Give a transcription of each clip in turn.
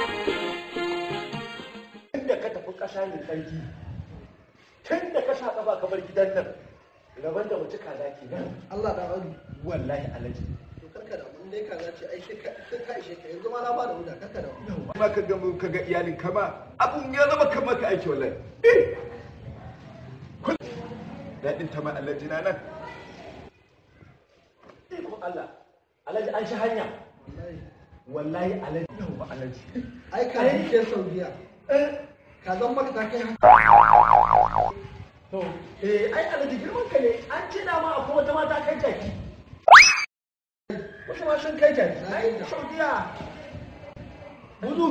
Tunda ka tafi ƙasa ne sarki, tun ka sa ƙafa kamar gidan nan, rabon da mutu kaza ke nan. Allah da wani. Wallahi alaji. To karka da mun dai kaza ce ai sai ka ishe ka yanzu ma na ba da wuta karka da wani. Kuma ka ga ka ga iyalin ka ma abun ya zama kamar ka aiki wallahi. Eh! Daɗin ta ma alaji na nan. Allah, alaji an shi hanya. wallahi alaji ba alaji ai ka ke saudiya eh. ka zan maka ta kai to eh ai alaji girman ka ne an ce da ma akwai wata mata kai jaki wata ma sun kai jaki ai saudiya buzu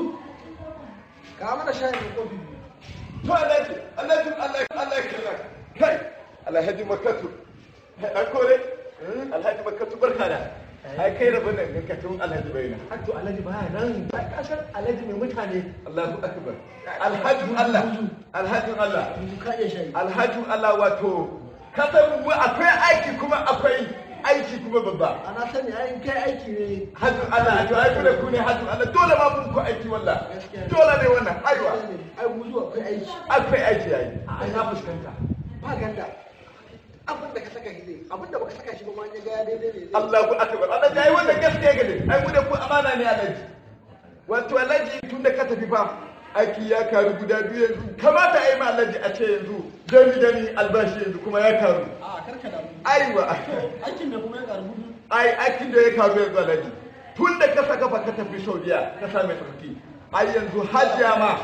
ka mana shayin kofi to alaji alaji alaji alaji kai alhaji makatu dan kore eh? alhaji makatu barka da ai kai rabin da ganka tun alhaji bai nan hatto alhaji baya nan ba kasar alhaji mai mutane Allahu akbar alhaji Allah alhaji Allah ka iya alhaji Allah wato ka san akwai aiki kuma akwai aiki kuma babba ana sani ai kai aiki ne hajjin Allah hajjin ai da ku ne hajjin Allah dole ma mun ku aiki wallah dole ne wannan aiwa ai mu zuwa akwai aiki akwai aiki yayi ai na fuskanta ba ganda abin da ka saka shi zai abin da baka saka shi ba ma ya ga daidai ne Allahu akbar Allah ya yi wannan gaskiya ga dai ai mu da ku amana ne alaji wato alaji tun da ka tafi ba aiki ya karu guda biyu yanzu kamata ai ma alaji a ce yanzu dami dami albashi yanzu kuma ya karu a karka da mu aiwa aikin da kuma ya karu ai aikin da ya karu yanzu alaji tun da ka saka ba ka tafi Saudiya ka same sarki ai yanzu hajjia ma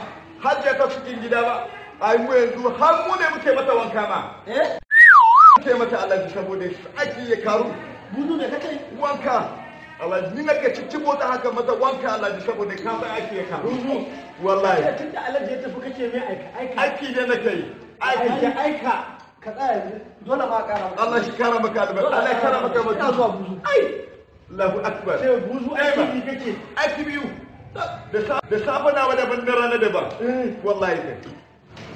hajjia ka cikin gida ba ai mu yanzu har mu ne muke mata wanka ma eh taimaka alhaji saboda aiki ya karu gudu ne kake wanka alhaji ni nake cikin mota haka mata wanka alhaji saboda ka bai aiki ya karu wallahi da alhaji ya tafi kake mai aika aika aiki ne nake yi aika aika ka tsaya dole ma kara Allah shi kara maka Allah ya kara maka zuwa buzu ai Allahu akbar sai buzu aiki kake aiki biyu da daban eh. wallahi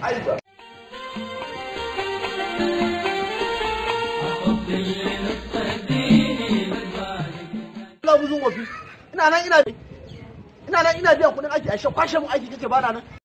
kai ba ina nan ina ina nan ina biyan kudin aiki a kwashe mun aiki kake ba na nan